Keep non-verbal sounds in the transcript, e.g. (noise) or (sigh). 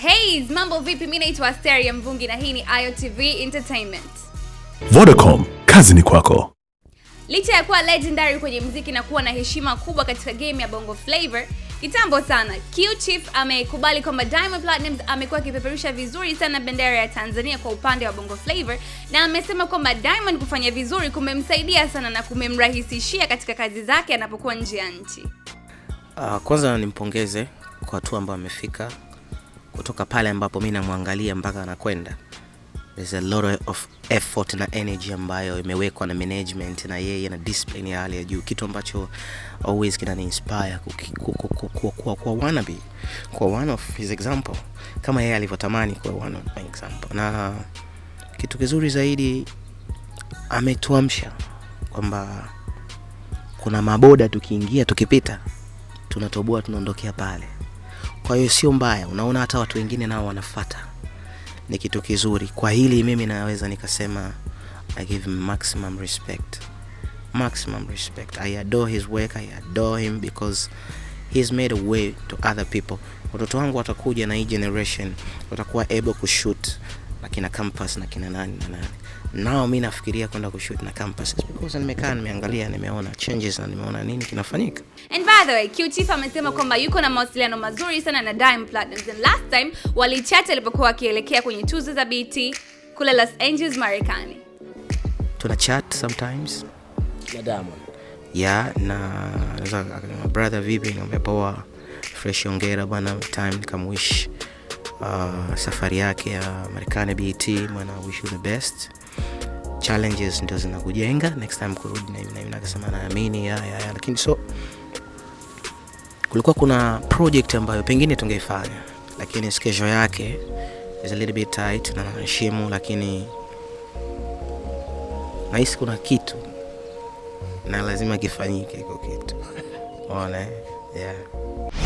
Hey, mambo vipi? Mimi naitwa Asteria Mvungi na hii ni IOTV Entertainment. Vodacom, kazi ni kwako. Licha ya kuwa legendary kwenye mziki na kuwa na heshima kubwa katika game ya Bongo Flavor kitambo sana, Q Chief amekubali kwamba Diamond Platnumz amekuwa akipeperusha vizuri sana bendera ya Tanzania kwa upande wa Bongo Flavor, na amesema kwamba Diamond kufanya vizuri kumemsaidia sana na kumemrahisishia katika kazi zake anapokuwa nje ya nchi. Uh, kwanza nimpongeze kwa hatua ambayo amefika kutoka pale ambapo mi namwangalia mpaka anakwenda a lot of effort na energy ambayo imewekwa na management na yeye na discipline ya hali ya juu kitu ambacho always kinani inspire kuwa wanabe kuwa one of his example kama yeye alivyotamani kuwa one of my example na kitu kizuri zaidi ametuamsha kwamba kuna maboda tukiingia tukipita tunatoboa tunaondokea pale kwa hiyo sio mbaya, unaona hata watu wengine nao wanafata, ni kitu kizuri. Kwa hili mimi naweza nikasema I give him maximum respect, maximum respect. I adore his work, I adore him because he's made a way to other people. Watoto wangu watakuja na hii generation watakuwa able kushoot na kina campus na kina nani na nani nao mi nafikiria kwenda kushoot na campus because nimekaa nimeangalia, nimeona changes na nimeona nini kinafanyika And the way, Q Chief amesema kwamba yuko na mawasiliano mazuri sana na Diamond Platnumz. And last time walichata alipokuwa akielekea kwenye tuzo za BT kule Los Angeles, Marekani. Tuna chat sometimes. Na Diamond. Yeah, na naweza akaniambia brother, vipi? Nikamwambia poa, fresh, ongera bana, time wish uh, safari yake ya uh, Marekani BT mwana wish you the best. Challenges ndio zinakujenga, next time kurudi na hivi na hivi, akasema naamini. ya, ya, yeah, lakini so kulikuwa kuna project ambayo pengine tungeifanya, lakini schedule yake is a little bit tight, na naheshimu, lakini nahisi kuna kitu na lazima kifanyike, iko kitu (laughs) ona, eh? yeah.